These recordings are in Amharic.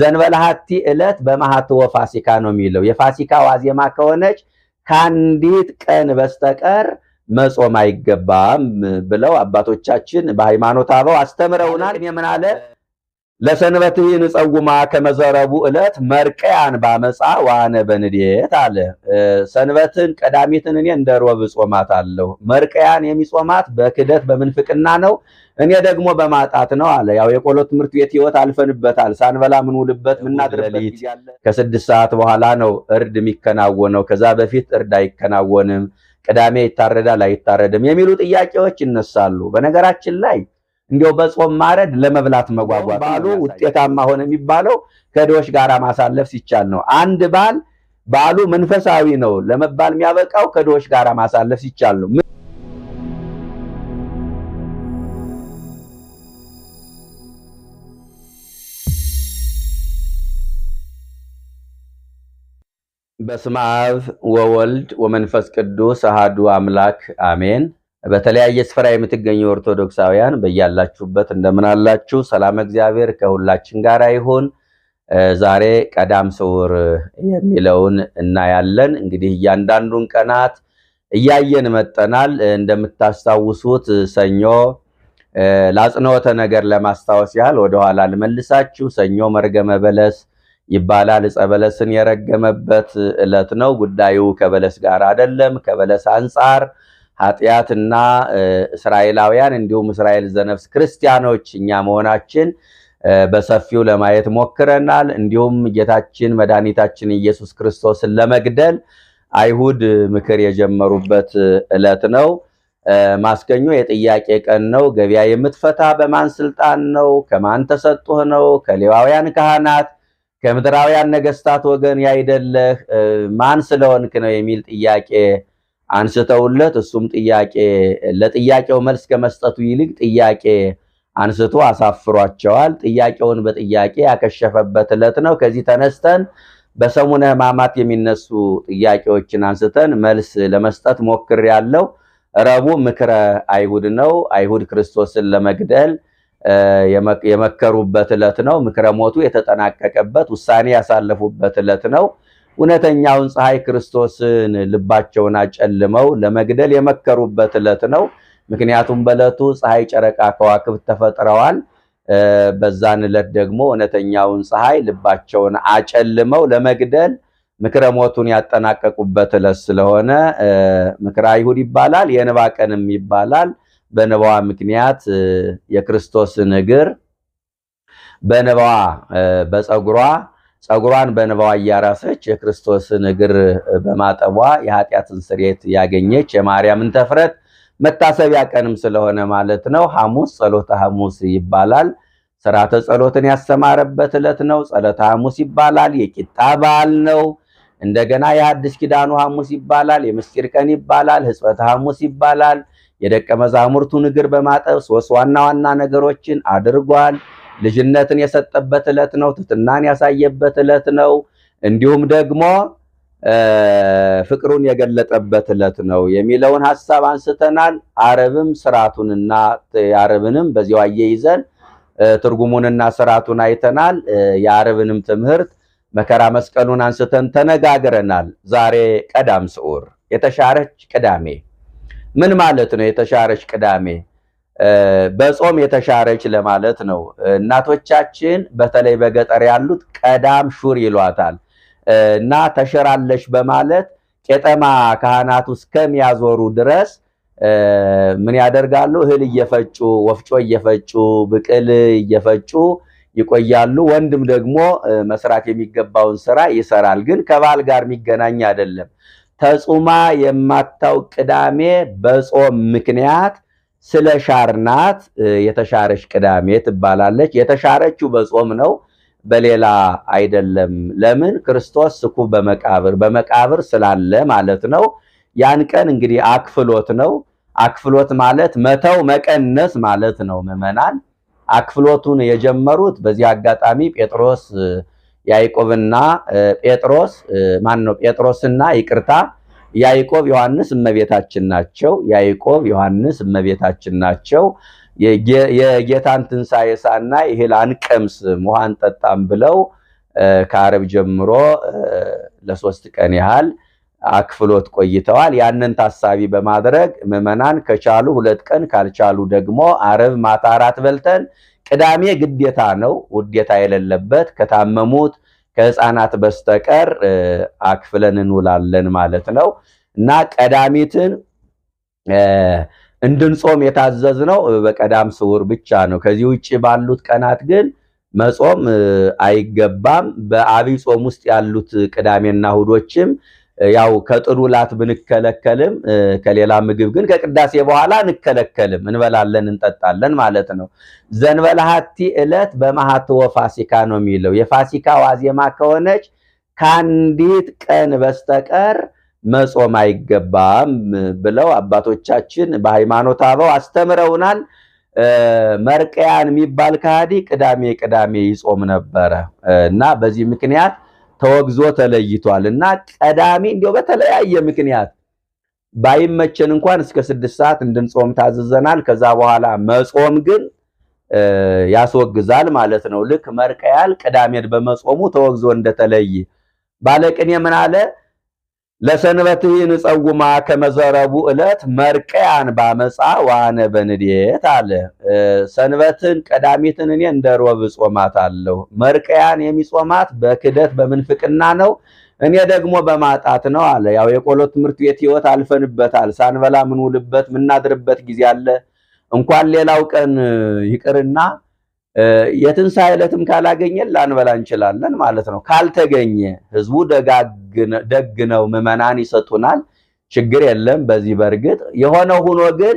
ዘንበላሃቲ ዕለት በማሃትወ ፋሲካ ነው የሚለው። የፋሲካ ዋዜማ ከሆነች ከአንዲት ቀን በስተቀር መጾም አይገባም ብለው አባቶቻችን በሃይማኖት አበው አስተምረውናል። ምን አለ? ለሰንበትህ ንጸውማ ከመዘረቡ ዕለት መርቀያን ባመፃ ዋነ በንዴት አለ። ሰንበትን ቀዳሚትን እኔ እንደ ሮብ ጾማት አለሁ። መርቀያን የሚጾማት በክደት በምንፍቅና ነው፣ እኔ ደግሞ በማጣት ነው አለ። ያው የቆሎ ትምህርት ቤት ህይወት አልፈንበታል። ሳንበላ ምንውልበት ምናድርበት ከስድስት ሰዓት በኋላ ነው እርድ የሚከናወነው። ከዛ በፊት እርድ አይከናወንም። ቅዳሜ ይታረዳል አይታረድም የሚሉ ጥያቄዎች ይነሳሉ። በነገራችን ላይ እንዲያው በጾም ማረድ ለመብላት መጓጓት ባሉ ውጤታማ ሆነ የሚባለው ከድሆች ጋር ማሳለፍ ሲቻል ነው። አንድ ባል ባሉ መንፈሳዊ ነው ለመባል የሚያበቃው ከድሆች ጋር ማሳለፍ ሲቻል ነው። በስመ አብ ወወልድ ወመንፈስ ቅዱስ አሃዱ አምላክ አሜን። በተለያየ ስፍራ የምትገኙ ኦርቶዶክሳውያን በያላችሁበት እንደምን አላችሁ? ሰላም እግዚአብሔር ከሁላችን ጋር ይሁን። ዛሬ ቀዳም ስዑር የሚለውን እናያለን። እንግዲህ እያንዳንዱን ቀናት እያየን መጠናል። እንደምታስታውሱት ሰኞ ለአጽንኦተ ነገር ለማስታወስ ያህል ወደኋላ ልመልሳችሁ። ሰኞ መርገመ በለስ ይባላል። ዕፀ በለስን የረገመበት ዕለት ነው። ጉዳዩ ከበለስ ጋር አይደለም፣ ከበለስ አንጻር ኃጢአትና እስራኤላውያን እንዲሁም እስራኤል ዘነፍስ ክርስቲያኖች እኛ መሆናችን በሰፊው ለማየት ሞክረናል። እንዲሁም ጌታችን መድኃኒታችን ኢየሱስ ክርስቶስን ለመግደል አይሁድ ምክር የጀመሩበት ዕለት ነው። ማስገኞ የጥያቄ ቀን ነው። ገበያ የምትፈታ በማን ስልጣን ነው? ከማን ተሰጡህ ነው? ከሌዋውያን ካህናት ከምድራውያን ነገስታት ወገን ያይደለህ ማን ስለሆንክ ነው የሚል ጥያቄ አንስተውለት እሱም ጥያቄ ለጥያቄው መልስ ከመስጠቱ ይልቅ ጥያቄ አንስቶ አሳፍሯቸዋል። ጥያቄውን በጥያቄ ያከሸፈበት ዕለት ነው። ከዚህ ተነስተን በሰሙነ ሕማማት የሚነሱ ጥያቄዎችን አንስተን መልስ ለመስጠት ሞክር ያለው ረቡ ምክረ አይሁድ ነው። አይሁድ ክርስቶስን ለመግደል የመከሩበት ዕለት ነው። ምክረ ሞቱ የተጠናቀቀበት ውሳኔ ያሳለፉበት ዕለት ነው። እውነተኛውን ፀሐይ ክርስቶስን ልባቸውን አጨልመው ለመግደል የመከሩበት ዕለት ነው። ምክንያቱም በዕለቱ ፀሐይ፣ ጨረቃ፣ ከዋክብት ተፈጥረዋል። በዛን ዕለት ደግሞ እውነተኛውን ፀሐይ ልባቸውን አጨልመው ለመግደል ምክረ ሞቱን ያጠናቀቁበት ዕለት ስለሆነ ምክረ አይሁድ ይባላል። የንባ ቀንም ይባላል። በንባዋ ምክንያት የክርስቶስን እግር በንባዋ በፀጉሯ ጸጉሯን በንባዋ እያራሰች የክርስቶስን እግር በማጠቧ የኃጢአትን ስርየት ያገኘች የማርያምን ተፍረት መታሰቢያ ቀንም ስለሆነ ማለት ነው። ሐሙስ ጸሎተ ሐሙስ ይባላል። ስርዓተ ጸሎትን ያስተማረበት ዕለት ነው። ጸሎተ ሐሙስ ይባላል። የቂጣ በዓል ነው። እንደገና የአዲስ ኪዳኑ ሐሙስ ይባላል። የምስጢር ቀን ይባላል። ሕጽበተ ሐሙስ ይባላል። የደቀ መዛሙርቱን እግር በማጠብ ሶስት ዋና ዋና ነገሮችን አድርጓል። ልጅነትን የሰጠበት ዕለት ነው። ትትናን ያሳየበት ዕለት ነው። እንዲሁም ደግሞ ፍቅሩን የገለጠበት ዕለት ነው የሚለውን ሀሳብ አንስተናል። ዓርብም ስርዓቱንና ዓርብንም በዚሁ አያይዘን ትርጉሙንና ስርዓቱን አይተናል። የዓርብንም ትምህርት መከራ መስቀሉን አንስተን ተነጋግረናል። ዛሬ ቀዳም ስዑር የተሻረች ቅዳሜ ምን ማለት ነው? የተሻረች ቅዳሜ በጾም የተሻረች ለማለት ነው። እናቶቻችን በተለይ በገጠር ያሉት ቀዳም ሹር ይሏታል እና ተሽራለች በማለት ቄጠማ ካህናቱ እስከሚያዞሩ ድረስ ምን ያደርጋሉ? እህል እየፈጩ ወፍጮ እየፈጩ ብቅል እየፈጩ ይቆያሉ። ወንድም ደግሞ መስራት የሚገባውን ስራ ይሰራል። ግን ከባል ጋር የሚገናኝ አይደለም። ተጹማ የማታውቅ ቅዳሜ በጾም ምክንያት ስለ ሻርናት የተሻረች ቅዳሜ ትባላለች። የተሻረችው በጾም ነው፣ በሌላ አይደለም። ለምን ክርስቶስ ስኩ በመቃብር በመቃብር ስላለ ማለት ነው። ያን ቀን እንግዲህ አክፍሎት ነው። አክፍሎት ማለት መተው መቀነስ ማለት ነው። ምዕመናን አክፍሎቱን የጀመሩት በዚህ አጋጣሚ ጴጥሮስ ያዕቆብና ጴጥሮስ ማን ነው? ጴጥሮስና ይቅርታ ያዕቆብ ዮሐንስ እመቤታችን ናቸው። ያዕቆብ ዮሐንስ እመቤታችን ናቸው። የጌታን ትንሣኤ ሳናይ እህል አንቀምስም ውሃ አንጠጣም ብለው ከአርብ ጀምሮ ለሶስት ቀን ያህል አክፍሎት ቆይተዋል። ያንን ታሳቢ በማድረግ ምዕመናን ከቻሉ ሁለት ቀን ካልቻሉ ደግሞ ዓርብ ማታ አራት በልተን ቅዳሜ ግዴታ ነው ውዴታ የሌለበት ከታመሙት ከህፃናት በስተቀር አክፍለን እንውላለን ማለት ነው እና ቀዳሚትን እንድንጾም ነው በቀዳም ስዑር ብቻ ነው። ከዚህ ውጭ ባሉት ቀናት ግን መጾም አይገባም። በአብይ ጾም ውስጥ ያሉት ቅዳሜና እሁዶችም። ያው ላት ብንከለከልም ከሌላ ምግብ ግን ከቅዳሴ በኋላ እንከለከልም፣ እንበላለን፣ እንጠጣለን ማለት ነው። ዘንበላሃቲ ዕለት በማሃትወ ፋሲካ ነው የሚለው የፋሲካ ዋዜማ ከሆነች ከአንዲት ቀን በስተቀር መጾም አይገባም ብለው አባቶቻችን በሃይማኖት አበው አስተምረውናል። መርቀያን የሚባል ከሃዲ ቅዳሜ ቅዳሜ ይጾም ነበረ እና በዚህ ምክንያት ተወግዞ ተለይቷል እና ቀዳሚ እንዲያው በተለያየ ምክንያት ባይመቸን እንኳን እስከ ስድስት ሰዓት እንድንጾም ታዝዘናል። ከዛ በኋላ መጾም ግን ያስወግዛል ማለት ነው። ልክ መርቀያል ቅዳሜን በመጾሙ ተወግዞ እንደተለይ ባለቅኔ ምን አለ? ለሰንበትህ ንጸውማ ከመዘረቡ ዕለት መርቀያን ባመፃ ዋነ በንዴት አለ። ሰንበትን ቀዳሚትን እኔ እንደ ሮብ ጾማት አለው። መርቀያን የሚጾማት በክደት በምንፍቅና ነው፣ እኔ ደግሞ በማጣት ነው አለ። ያው የቆሎ ትምህርት ቤት ህይወት አልፈንበታል። ሳንበላ ምንውልበት ምናድርበት ጊዜ አለ። እንኳን ሌላው ቀን ይቅርና የትንሣኤ ዕለትም ካላገኘን ላንበላ እንችላለን ማለት ነው። ካልተገኘ ህዝቡ ደግ ነው፣ ምዕመናን ይሰጡናል፣ ችግር የለም። በዚህ በእርግጥ የሆነ ሆኖ ግን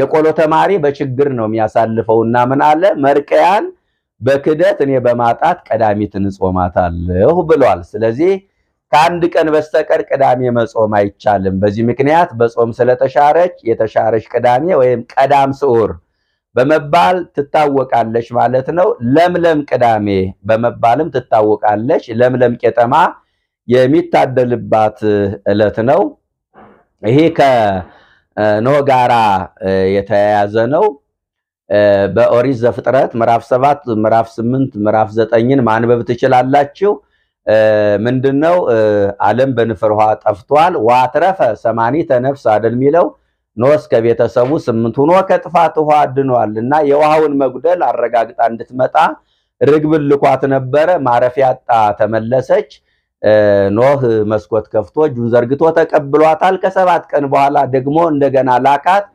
የቆሎ ተማሪ በችግር ነው የሚያሳልፈውና ምን አለ መርቀያን በክደት እኔ በማጣት ቀዳሚትን እጾማታለሁ ብሏል። ስለዚህ ከአንድ ቀን በስተቀር ቅዳሜ መጾም አይቻልም። በዚህ ምክንያት በጾም ስለተሻረች የተሻረች ቅዳሜ ወይም ቀዳም ስዑር በመባል ትታወቃለች ማለት ነው። ለምለም ቅዳሜ በመባልም ትታወቃለች። ለምለም ቄጠማ የሚታደልባት ዕለት ነው። ይሄ ከኖህ ጋራ የተያያዘ ነው። በኦሪት ዘፍጥረት ምዕራፍ ሰባት ምዕራፍ ስምንት ምዕራፍ ዘጠኝን ማንበብ ትችላላችሁ። ምንድነው ዓለም በንፍር ውሃ ጠፍቷል። ዋትረፈ ሰማኒተ ነፍስ አደል የሚለው ኖስ ከቤተሰቡ ስምንት ሆኖ ከጥፋት ውሃ ድኗልና የውሃውን መጉደል አረጋግጣ እንድትመጣ ርግብን ልኳት ነበረ። ማረፊያ አጣ፣ ተመለሰች። ኖህ መስኮት ከፍቶ እጁን ዘርግቶ ተቀብሏታል። ከሰባት ቀን በኋላ ደግሞ እንደገና ላካት።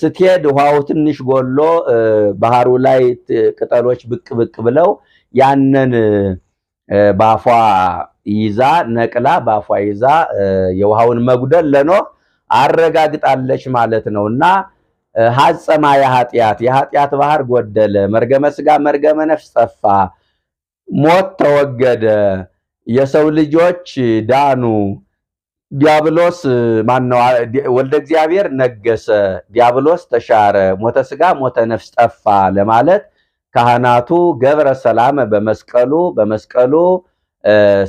ስትሄድ ውሃው ትንሽ ጎሎ ባህሩ ላይ ቅጠሎች ብቅ ብቅ ብለው ያንን ባፏ ይዛ ነቅላ ባፏ ይዛ የውሃውን መጉደል ለኖህ አረጋግጣለች ማለት ነውና ሀጸማ የኃጢአት የኃጢአት ባህር ጎደለ፣ መርገመ ስጋ መርገመ ነፍስ ጠፋ፣ ሞት ተወገደ፣ የሰው ልጆች ዳኑ፣ ዲያብሎስ ማነው ወልደ እግዚአብሔር ነገሰ፣ ዲያብሎስ ተሻረ፣ ሞተ ስጋ ሞተ ነፍስ ጠፋ ለማለት ካህናቱ ገብረ ሰላም በመስቀሉ በመስቀሉ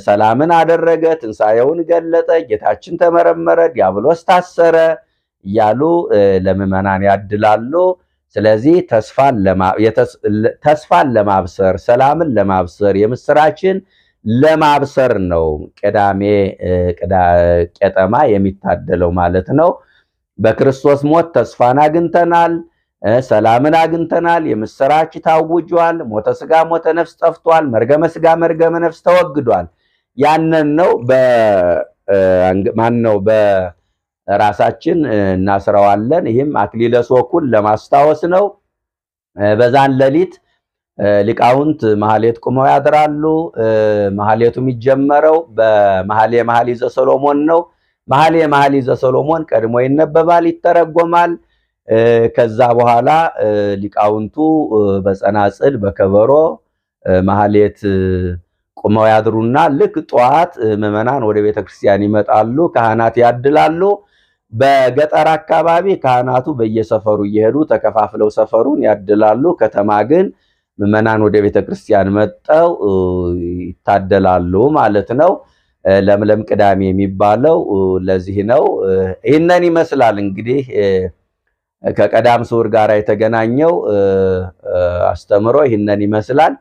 ሰላምን አደረገ፣ ትንሣኤውን ገለጠ፣ ጌታችን ተመረመረ፣ ዲያብሎስ ታሰረ እያሉ ለምዕመናን ያድላሉ። ስለዚህ ተስፋን ለማብሰር ሰላምን ለማብሰር የምስራችን ለማብሰር ነው ቅዳሜ ቄጠማ የሚታደለው ማለት ነው። በክርስቶስ ሞት ተስፋን አግኝተናል። ሰላምን አግኝተናል፣ የምስራች ታውጇል፣ ሞተ ስጋ ሞተ ነፍስ ጠፍቷል፣ መርገመ ስጋ መርገመ ነፍስ ተወግዷል። ያንን ነው ማን ነው በራሳችን እናስረዋለን። ይህም አክሊለ ሦኩን ለማስታወስ ነው። በዛን ሌሊት ሊቃውንት መሐሌት ቁመው ያድራሉ። መሐሌቱ የሚጀመረው በመሐሌ መሐሊ ዘሰሎሞን ነው። መሐሌ መሐሊ ዘሰሎሞን ቀድሞ ይነበባል፣ ይተረጎማል። ከዛ በኋላ ሊቃውንቱ በጸናጽል በከበሮ ማህሌት ቁመው ያድሩና ልክ ጠዋት ምዕመናን ወደ ቤተክርስቲያን ይመጣሉ። ካህናት ያድላሉ። በገጠር አካባቢ ካህናቱ በየሰፈሩ እየሄዱ ተከፋፍለው ሰፈሩን ያድላሉ። ከተማ ግን ምዕመናን ወደ ቤተክርስቲያን መጠው ይታደላሉ ማለት ነው። ለምለም ቅዳሜ የሚባለው ለዚህ ነው። ይህንን ይመስላል እንግዲህ ከቀዳም ስዑር ጋር የተገናኘው አስተምሮ ይህንን ይመስላል።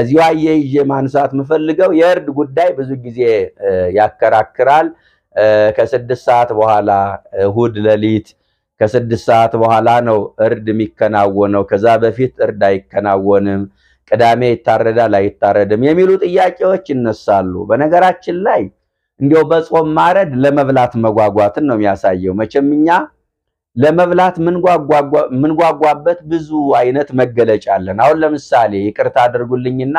እዚሁ አየይዤ ማንሳት የምፈልገው የእርድ ጉዳይ ብዙ ጊዜ ያከራክራል። ከስድስት ሰዓት በኋላ እሁድ ሌሊት ከስድስት ሰዓት በኋላ ነው እርድ የሚከናወነው። ከዛ በፊት እርድ አይከናወንም። ቅዳሜ ይታረዳል አይታረድም የሚሉ ጥያቄዎች ይነሳሉ። በነገራችን ላይ እንዲያው በጾም ማረድ ለመብላት መጓጓትን ነው የሚያሳየው መቼም እኛ ለመብላት ምንጓጓበት ብዙ አይነት መገለጫ አለን። አሁን ለምሳሌ ይቅርታ አድርጉልኝና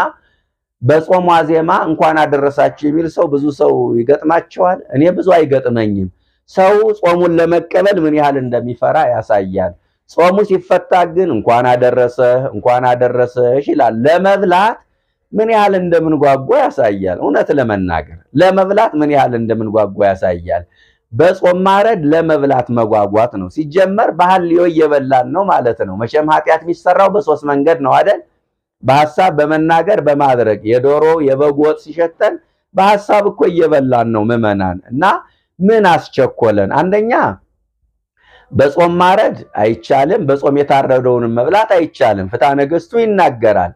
በጾም ዋዜማ እንኳን አደረሳችሁ የሚል ሰው ብዙ ሰው ይገጥማቸዋል። እኔ ብዙ አይገጥመኝም። ሰው ጾሙን ለመቀበል ምን ያህል እንደሚፈራ ያሳያል። ጾሙ ሲፈታ ግን እንኳን አደረሰ እንኳን አደረሰሽ ይላል። ለመብላት ምን ያህል እንደምንጓጓ ያሳያል። እውነት ለመናገር ለመብላት ምን ያህል እንደምንጓጓ ያሳያል። በጾም ማረድ ለመብላት መጓጓት ነው። ሲጀመር በሐልዮ እየበላን ነው ማለት ነው። መቼም ኃጢአት የሚሰራው በሶስት መንገድ ነው አይደል? በሐሳብ፣ በመናገር፣ በማድረግ የዶሮ የበግ ወጥ ሲሸተን በሐሳብ እኮ እየበላን ነው ምዕመናን። እና ምን አስቸኮለን? አንደኛ በጾም ማረድ አይቻልም፣ በጾም የታረደውንም መብላት አይቻልም። ፍትሐ ነገሥቱ ይናገራል።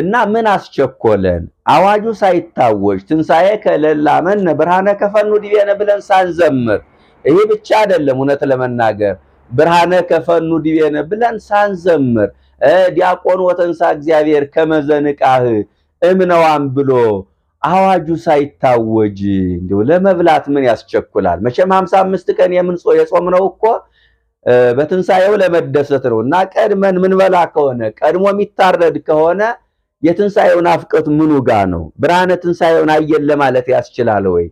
እና ምን አስቸኮለን? አዋጁ ሳይታወጅ ትንሣኤ ከለላ አመነ ብርሃነ ከፈኑ ዲቤነ ብለን ሳንዘምር፣ ይሄ ብቻ አይደለም እውነት ለመናገር ብርሃነ ከፈኑ ዲቤነ ብለን ሳንዘምር ዲያቆን ወተንሳ እግዚአብሔር ከመዘንቃህ እምነዋን ብሎ አዋጁ ሳይታወጅ እንዲሁ ለመብላት ምን ያስቸኩላል? መቼም ሀምሳ አምስት ቀን የምንጾ የጾም ነው እኮ በትንሣኤው ለመደሰት ነው እና ቀድመን ምንበላ ከሆነ ቀድሞ የሚታረድ ከሆነ የትንሣኤው አፍቀት ምኑ ጋ ነው? ብርሃነ ትንሣኤውን አየን ለማለት ያስችላል ወይ?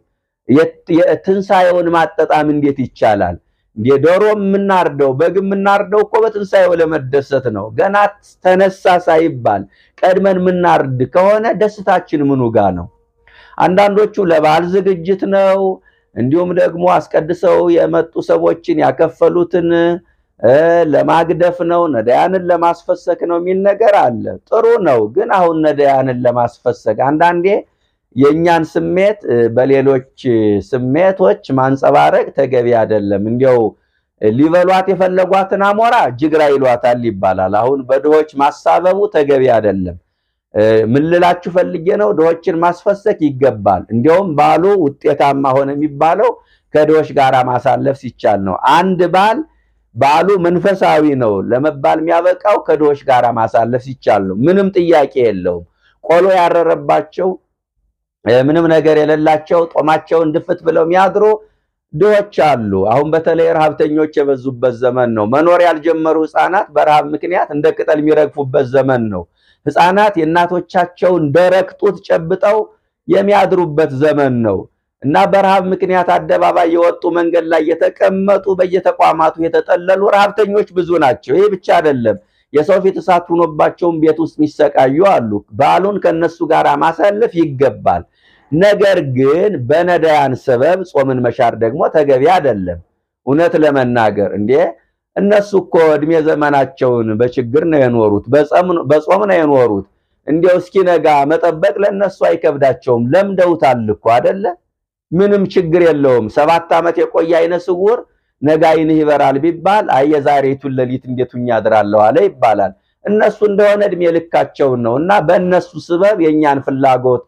የትንሣኤውን ማጠጣም እንዴት ይቻላል? የዶሮ የምናርደው በግ የምናርደው እኮ በትንሣኤው ለመደሰት ነው። ገና ተነሳ ሳይባል ቀድመን የምናርድ ከሆነ ደስታችን ምኑ ጋ ነው? አንዳንዶቹ ለበዓል ዝግጅት ነው እንዲሁም ደግሞ አስቀድሰው የመጡ ሰዎችን ያከፈሉትን ለማግደፍ ነው፣ ነዳያንን ለማስፈሰክ ነው የሚል ነገር አለ። ጥሩ ነው፣ ግን አሁን ነዳያንን ለማስፈሰግ አንዳንዴ የእኛን ስሜት በሌሎች ስሜቶች ማንጸባረቅ ተገቢ አይደለም። እንዲያው ሊበሏት የፈለጓትን አሞራ ጅግራ ይሏታል ይባላል። አሁን በድሆች ማሳበቡ ተገቢ አይደለም። ምን ልላችሁ ፈልጌ ነው፣ ድሆችን ማስፈሰክ ይገባል። እንዲሁም ባሉ ውጤታማ ሆነ የሚባለው ከድሆች ጋር ማሳለፍ ሲቻል ነው። አንድ ባል ባሉ መንፈሳዊ ነው ለመባል የሚያበቃው ከድሆች ጋር ማሳለፍ ሲቻል ነው። ምንም ጥያቄ የለውም። ቆሎ ያረረባቸው ምንም ነገር የሌላቸው ጦማቸውን ድፍት ብለው የሚያድሩ ድሆች አሉ። አሁን በተለይ ረሃብተኞች የበዙበት ዘመን ነው። መኖር ያልጀመሩ ህፃናት በረሃብ ምክንያት እንደ ቅጠል የሚረግፉበት ዘመን ነው። ህፃናት የእናቶቻቸውን ደረቅ ጡት ጨብጠው የሚያድሩበት ዘመን ነው እና በረሃብ ምክንያት አደባባይ የወጡ መንገድ ላይ የተቀመጡ በየተቋማቱ የተጠለሉ ረሃብተኞች ብዙ ናቸው። ይህ ብቻ አይደለም። የሰው ፊት እሳት ሆኖባቸውም ቤት ውስጥ የሚሰቃዩ አሉ። በዓሉን ከነሱ ጋር ማሳለፍ ይገባል። ነገር ግን በነዳያን ሰበብ ጾምን መሻር ደግሞ ተገቢ አይደለም። እውነት ለመናገር እንዴ እነሱ እኮ እድሜ ዘመናቸውን በችግር ነው የኖሩት፣ በጾም ነው የኖሩት። እንዲያው እስኪነጋ መጠበቅ ለእነሱ አይከብዳቸውም፣ ለምደውታል እኮ አደለ? ምንም ችግር የለውም። ሰባት ዓመት የቆየ አይነ ስውር ነጋይንህ ይበራል ቢባል አየ የዛሬቱን ሌሊት እንዴቱኛ አድራለሁ አለ ይባላል። እነሱ እንደሆነ እድሜ ልካቸውን ነው እና በእነሱ ስበብ የእኛን ፍላጎት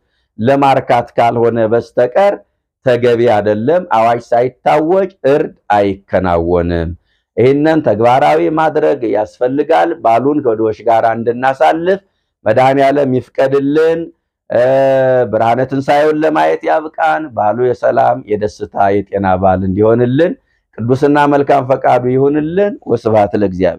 ለማርካት ካልሆነ በስተቀር ተገቢ አይደለም። አዋጅ ሳይታወጅ እርድ አይከናወንም። ይህንን ተግባራዊ ማድረግ ያስፈልጋል። ባሉን ከወዶች ጋር እንድናሳልፍ መድኃኔዓለም ይፍቀድልን። ብርሃነ ትንሣኤውን ለማየት ያብቃን። ባሉ የሰላም የደስታ የጤና በዓል እንዲሆንልን ቅዱስና መልካም ፈቃዱ ይሁንልን። ወስብሐት ለእግዚአብሔር።